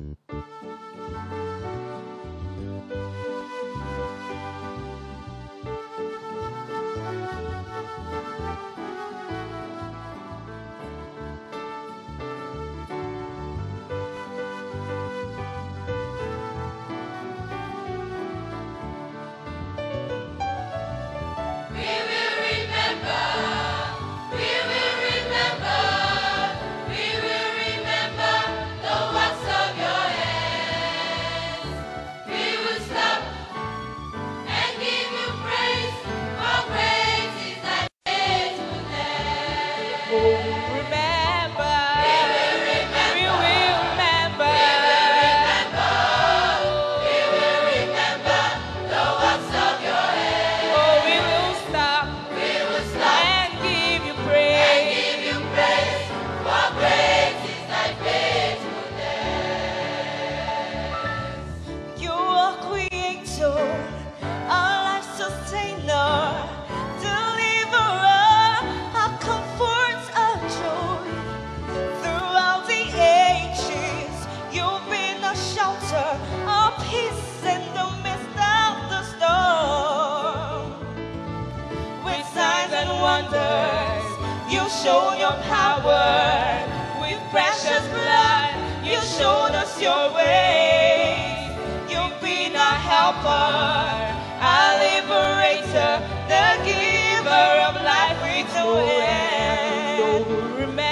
Mm-hmm. wonders. You showed your power with precious blood. You showed us your way. You've been our helper, our liberator, the giver of life. We do end. Remember